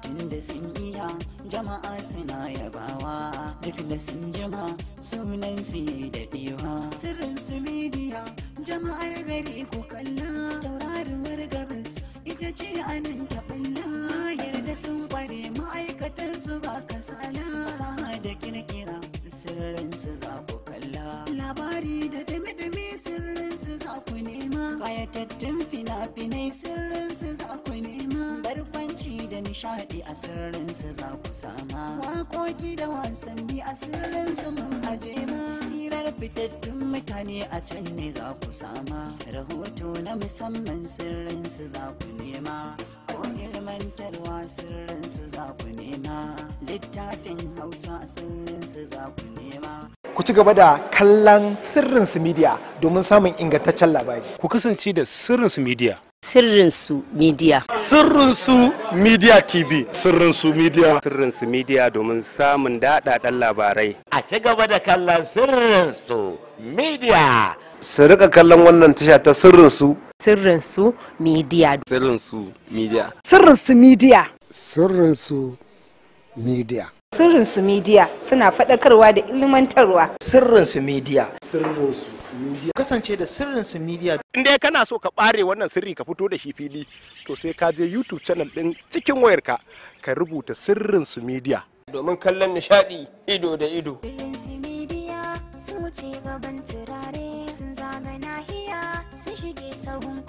tunda sun iya jama'a suna yabawa duk da sun jima sunan su yi daɗewa sirrin su midiya jama'ar gari ku kalla tauraruwar gabas ita ce anan ta balla yarda sun kware ma'aikatan su ba kasala saha da kirkira sirrin su za ku kalla labari da dame-dame sirrin su za ku nema kayatattun fina-finai sirrin su za ku nema nishadi a su za ku sama. Waƙoƙi da wasanni a sirrinsu mun aje ma. Hirar fitattun mutane a can ne za ku sama. Rahoto na musamman sirrinsu za ku nema. Ko ilmantarwa sirrinsu za ku nema. Littafin Hausa sirrinsu za ku nema. ku ci gaba da kallon sirrinsu media domin samun ingantaccen labari. Ku kasance da sirrinsu media. sirrinsu media sirrinsu media tv sirrinsu media sirrinsu media domin samun daɗaɗɗen labarai a ci gaba da kallon sirrinsu media su rika kallon wannan tasha ta sirrinsu sirrinsu media sirrinsu media sirrinsu media sirrinsu media sirrinsu media suna faɗakarwa da ilmantarwa sirrinsu media sirrinsu media kasance da sirrin su media in dai kana so ka bare wannan sirri ka fito da shi fili to sai ka je youtube channel din cikin wayarka ka rubuta sirrin su media domin kallon nishadi ido da ido sun wuce gaban turare sun zaga nahiya sun shige sahun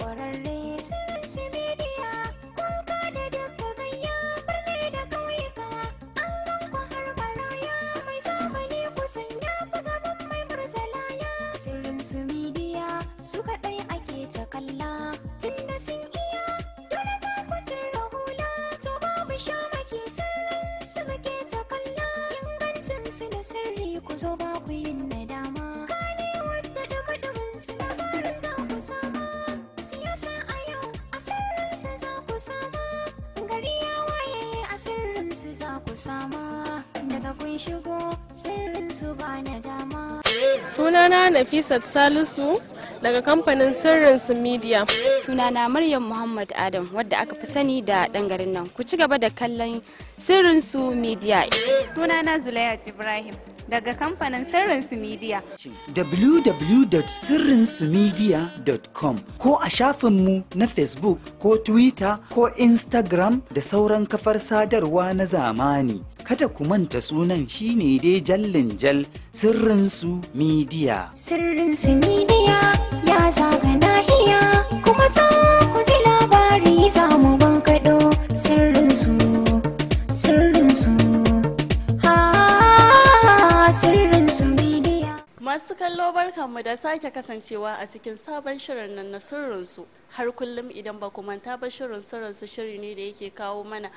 ku sama daga kun shigo sirrin su na dama. Sunana Nafisat Salisu daga kamfanin sirrin su media. Sunana Maryam Muhammad Adam wadda aka fi sani da ɗan garin nan. Ku ci gaba da kallon sirrin su media. Sunana Zulayat Ibrahim. daga kamfanin sirrinsu Su Media. www.sirrinsumedia.com ko a shafinmu na Facebook ko Twitter ko Instagram da sauran kafar sadarwa na zamani. Kada ku manta sunan shine dai jallin jal Sirrin Su Media. Sirrin Su Media ya zaga nahiya kuma za ku ji labari za mu bankaɗo Sirrin Masu kallo barkanmu da sake kasancewa a cikin sabon shirin nan na sirrinsu har kullum idan ba ku manta ba shirin sirrinsu shiri ne da yake kawo mana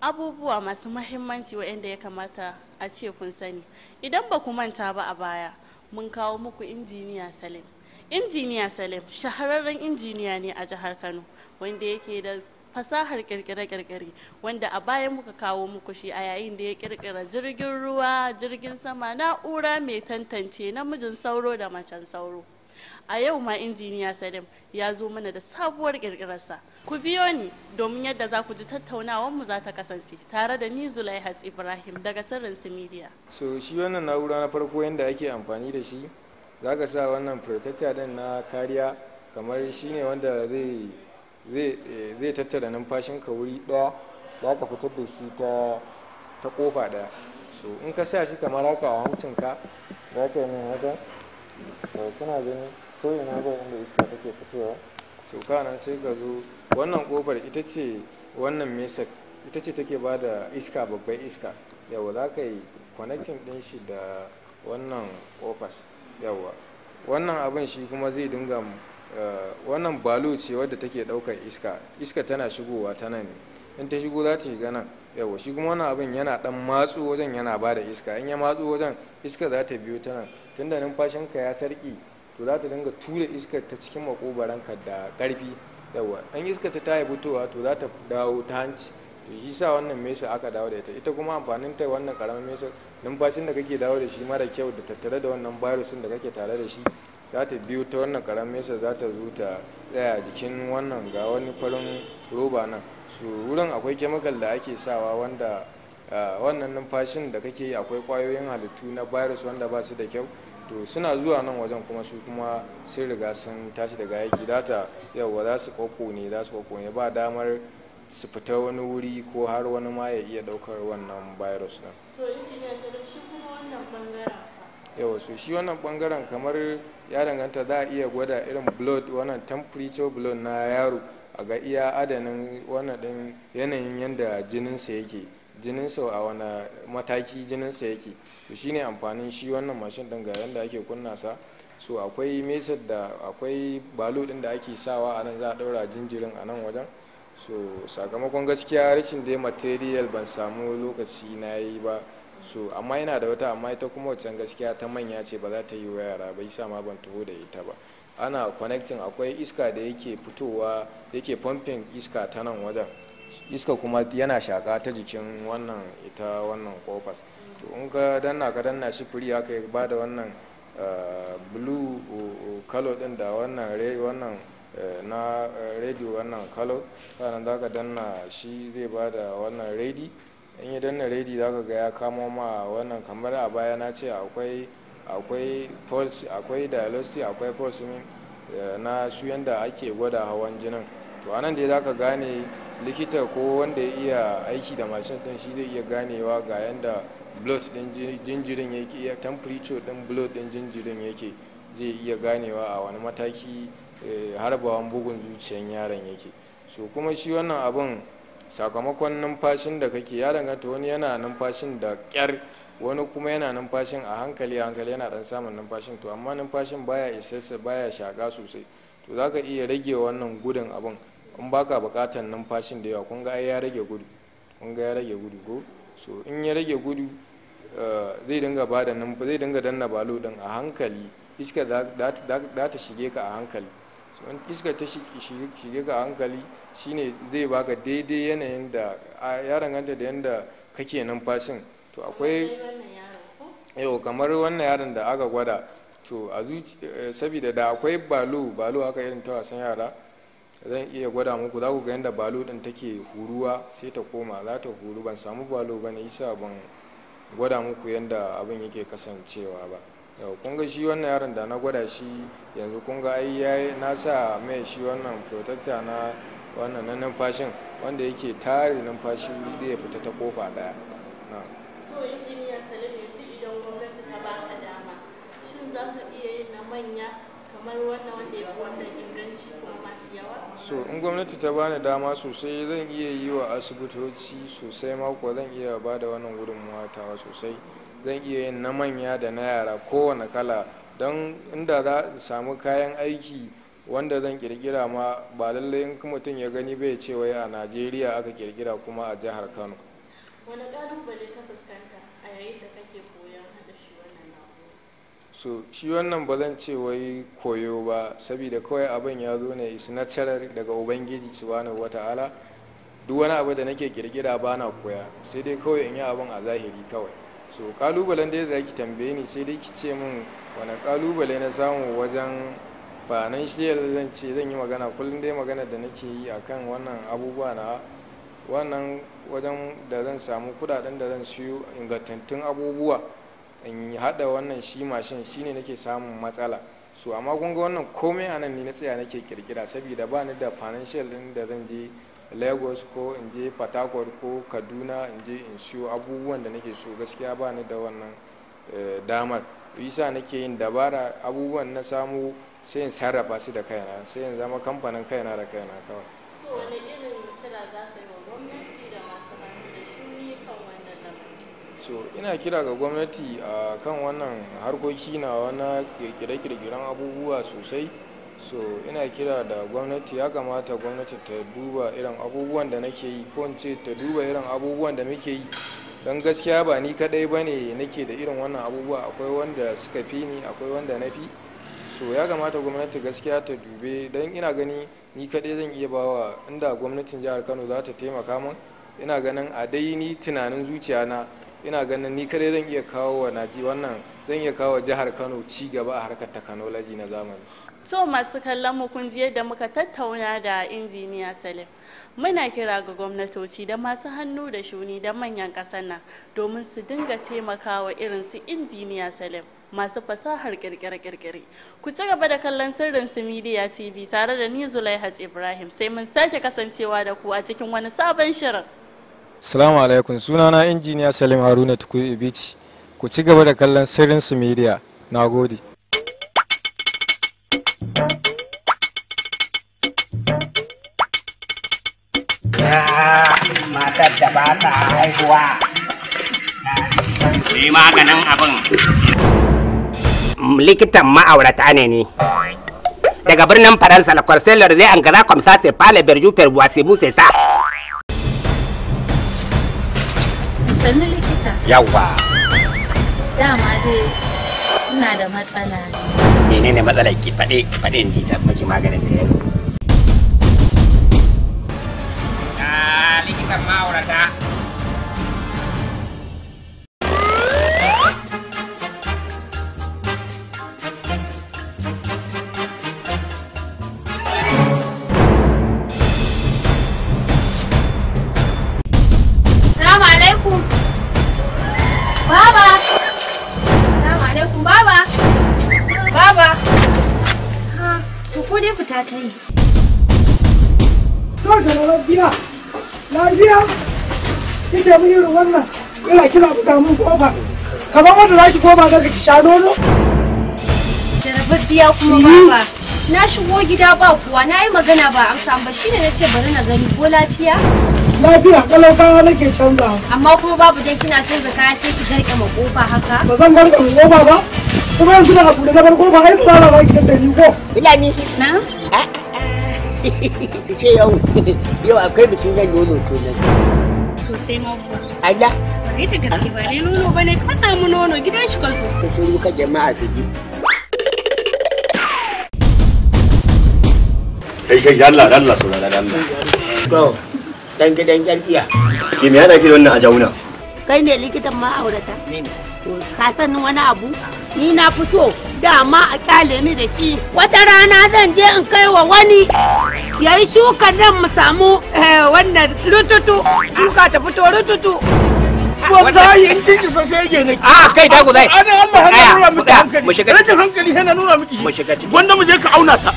abubuwa masu mahimmanci waɗanda ya kamata a ce kun sani. Idan ba ku manta ba a baya mun kawo muku injiniya Salim. Injiniya Salim shahararren injiniya ne a jihar Kano wanda yake da fasahar kirkire-kirkire wanda a baya muka kawo muku shi a yayin da ya kirkira jirgin ruwa jirgin sama na'ura mai tantance namijin sauro da macen sauro a yau ma injiniya salim ya zo mana da sabuwar kirkirarsa ku biyo ni domin yadda za ku ji tattaunawanmu za ta kasance tare da ni zulaihat ibrahim daga sirrin su media so shi wannan na'ura na farko yadda ake amfani da shi za ka sa wannan protector din na kariya kamar shine wanda zai Eh, zai tattara numfashinka wuri ɗaya za ka fitar da shi ta ƙofa ɗaya so in ka sa shi kamar haka a hancinka za ka yi min haka kuna gani ko ina ba inda iska take fitowa so kana sai ka zo wannan ƙofar ita ce wannan mesa ita ce take ba da iska babbar iska yawa za ka yi connecting ɗin shi da wannan ƙofas yawa wannan abin shi kuma zai dinga Eh, wannan balo ce wadda take daukar iska iska tana shigowa ta nan in ta shigo za ta shiga nan yawa shi kuma wannan abin yana dan matso wajen yana ba da iska in ya matso wajen iska za ta biyo ta nan tunda numfashinka ya sarki to za ta dinga tura iskar ta cikin makobaranka da karfi yawa in iska ta tayi fitowa to za ta dawo ta hanci to shi sa wannan mesa aka dawo da ita ita kuma amfanin ta wannan karamin mesa numfashin da kake dawo da shi mara kyau da tattare da wannan virusin da kake tare da shi za ta biyu ta wannan karamin sa za ta zo ta tsaya jikin wannan ga wani farin roba nan su wurin akwai kemikal da ake sawa wanda wannan numfashin da kake yi akwai kwayoyin halittu na virus wanda ba su da kyau to suna zuwa nan wajen kuma su kuma sun riga sun tashi daga aiki ta yauwa za su kwakko ne za su kwakko ne ba damar su fita wani wuri ko har wani ma ya iya daukar wannan virus nan. to shi kuma wannan bangaren yawa so shi wannan bangaren kamar ya danganta za a iya gwada irin blood wannan temperature blood na yaro a ga iya adanin wannan din yanayin yadda jininsa yake jininsa a wani mataki jininsa yake to shine amfanin shi wannan mashin din ga yadda ake kunna sa so akwai mesar da akwai balo din da ake sawa a nan za a daura jinjirin a nan wajen so sakamakon gaskiya rashin dai material ban samu lokaci na yi ba so amma yana da wata amma ita kuma wancan gaskiya ta manya ce ba za ta yi wa yara ba isa ma ban taho da ita ba ana connecting akwai iska da yake fitowa yake pumping iska ta nan wajen iska kuma yana shaka ta jikin wannan ita wannan kofas to in ka danna ka danna shi firi haka yi ba da wannan eh, blue eh, color din da wannan wannan eh, na radio wannan color sannan za ka danna shi zai ba da wannan radio in ya danna redi za ka ga ya kamo ma wannan kamar a baya na ce akwai akwai pulse akwai dialysis akwai pulse eh, na su yanda ake gwada hawan jinin to anan dai za ka gane likita ko wanda ya iya aiki da mashin din shi zai iya ganewa ga yanda blood din jinjirin yake temperature din blood din jinjirin yake zai iya ganewa a wani mataki eh, harbawan bugun zuciyan yaron yake so kuma shi wannan abun sakamakon numfashin da kake ya danganta wani yana numfashin da kyar wani kuma yana numfashin a hankali hankali yana dan samun numfashin to amma numfashin baya isassa baya shaka sosai to zaka iya rage wannan gudun abin in baka bukatar numfashin da yawa kun ga ya rage gudu kun ga ya rage gudu ko so in ya rage gudu eh, zai dinga bada zai dinga danna balo din a hankali iska za ta shige ka a hankali so in iska ta shige ka a hankali shine zai baka daidai yanayin da ya danganta da yanda kake numfashin to akwai yau kamar wannan yaron da aka gwada to a eh, saboda da akwai balo balo aka irin ta wasan yara zan iya gwada muku za ku ga yadda balo din take huruwa sai ta koma za ta huru ban samu balo ba ne isa ban gwada muku yadda abin yake kasancewa ba yau kun ga shi wannan yaron da na gwada shi yanzu kun ga ai na sa mai shi wannan protector na wannan na numfashin wanda yake tare numfashi da ya fita ta kofa daya na to injiniya salim yanzu idan gwamnati ta ba ka dama shin za ka iya yin na manya kamar wannan wanda ya fi wannan inganci kuma masu yawa so in gwamnati ta bani dama sosai zan iya yi wa asibitoci sosai mako zan iya ba da wannan gudunmuwa tawa sosai zan iya yin na manya da na yara kowane kala don inda za samu kayan aiki wanda zan kirkira ma ba lallai in mutum ya gani bai ce wai a najeriya aka kirkira kuma a jihar kano wani kalubale ka fuskanta a yayin da kake koyon hada shi wannan so shi wannan ba zan ce wai koyo ba saboda kawai abin ya zo ne is natural daga ubangiji subhanahu wata'ala duk wani abu da nake kirkira ba na koya sai dai kawai in yi abin a zahiri kawai so kalubalen da ya ki tambaye ni sai dai ki ce min wani kalubale na samu wajen bayanan shiyar zan ce zan yi magana kullum dai magana da nake yi akan wannan abubuwa na wannan wajen da zan samu kudaden da zan siyo ingantattun abubuwa in haɗa wannan shi mashin shine nake samun matsala su amma kun wannan komai a nan ni na tsaya nake kirkira saboda ba ni da financial din da zan je lagos ko in je port ko kaduna in je in siyo abubuwan da nake so gaskiya ba ni da wannan eh, damar yasa nake yin dabara abubuwan na samu sai in sarrafa su da kaina sai in zama kamfanin kaina da kaina kawai so wani irin kira za ka yi wa gwamnati da masu da kan wannan lamarin so ina kira ga gwamnati a kan wannan harkoki na wani kirkire-kirkiren abubuwa sosai so ina kira da gwamnati ya kamata gwamnati ta duba irin abubuwan da nake yi ko in ce ta duba irin abubuwan da muke yi don gaskiya ba ni kadai ba ne nake da irin wannan abubuwa akwai wanda suka fi ni akwai wanda na fi so ya kamata gwamnati gaskiya ta dube don ina gani ni kadai zan iya bawa inda gwamnatin jihar kano za ta taimaka min ina ganin a dai ni tunanin zuciya na ina ganin ni kadai zan iya kawo wa naji wannan zan iya kawo jihar kano ci gaba a harkar technology na zamani To masu kallon mu kun ji yadda muka tattauna da injiniya Salim. Muna kira ga gwamnatoci da masu hannu da shuni da manyan ƙasar nan domin su dinga taimakawa irin su injiniya Salim masu fasahar kirkire-kirkire. Ku ci gaba da kallon sirrin su Media TV tare da ni Zulaihat Ibrahim sai mun sake kasancewa da ku a cikin wani sabon shirin. salamu alaikum sunana injiniya Salim Haruna Tuku Ibici. Ku ci gaba da kallon sirrin su Media. gode macet ya ya, siapa tahu gua ni maganin abin likitan ma'aurata ne ni daga birnin faransa la corseller zai an gaza kwamsa ce fale berju perbuwa sai musa sa sannu likita yawa dama dai ina da matsala menene matsalar ki faɗe faɗe in ji ta fita ta yi. Kawai da lafiya, lafiya, kike mun ruwan wannan ina kina ku mun kofa. Kamar wanda za ki koma daga ki sha nono. biya kuma baba. Na shigo gida ba kuwa na yi magana ba amsa ba shine na ce bari na gani ko lafiya. lafiya kalau kaya nake canza amma kuma babu dai kina canza kaya sai ki garke ma kofa haka ba zan garke ma kofa ba kuma yanzu da hakuri na bar kofa ai ba ba ki da ni ko bilani na ce yau yau akwai bikin yan nono ke nan sosai ma Allah bari da gaske ba dai nono ba ne ka samu nono gidan shi ka zo. Ka shuru ka jama'a su ji. Kai kai yalla yalla Allah da Allah. Go dan gidan jarkiya. Ki me yana ki nan a jauna? kai ne likitan ma'aurata to ka sanin wani abu ni na fito dama a kyale ni da ki wata rana zan je in kai wa wani ya yi shuka nan mu samu eh, wannan rututu shuka ta fito rututu wallahi in kin isa shege ne a ah, kai dago zai ana Allah hana nuna miki hankali rashin hankali hana nuna miki wanda mu je ka auna ta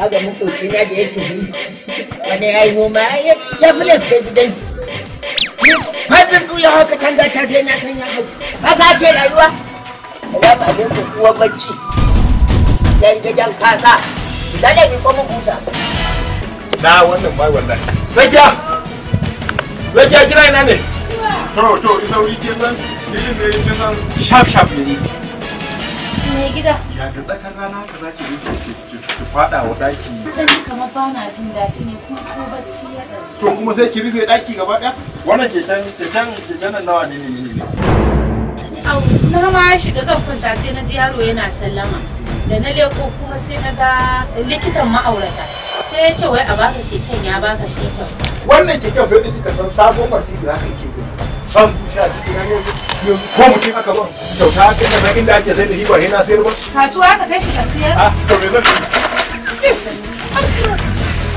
kaga makoci na da yake yi wani ya yi noma ya filace gidan fadin duya haka tanga ta sai na kan ya hau haka ke rayuwa da ba zai ku kuwa bacci dan gidan kasa dole ni ko mu huta na wannan bai wallahi rakiya rakiya kira ina ne to to ina wuri kenan ni ne ne kenan sharp sharp ne ne gida ya ga tsakar rana ka za ki ki fada wa daki dan kamar ba na jin daɗi ne kuma sai bacci ya ɗauki to kuma sai ki rufe daki gaba ɗaya wannan keken keken keken nawa ne ne ne na ma shiga zan kwanta sai na ji yaro yana sallama da na leko kuma sai na ga likitan ma'aurata sai ya ce wai a baka keken ya baka shi wannan keken bai da kika san sabon marsi da haka keken san zuciya cikin hanyar ko mutum aka ba kyauta aka yi nan inda ake sai da shi ba na sayar ba kasuwa ka kai shi ka sayar a ah, to me zan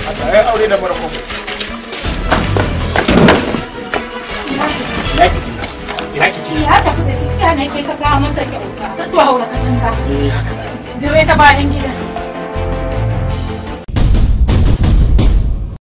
Allah ya aure da mara kofo ina kiki ya tafi da shi ci kai ka kawo masa kyauta ka tuwa haura ka tunka dire ta bayan gidan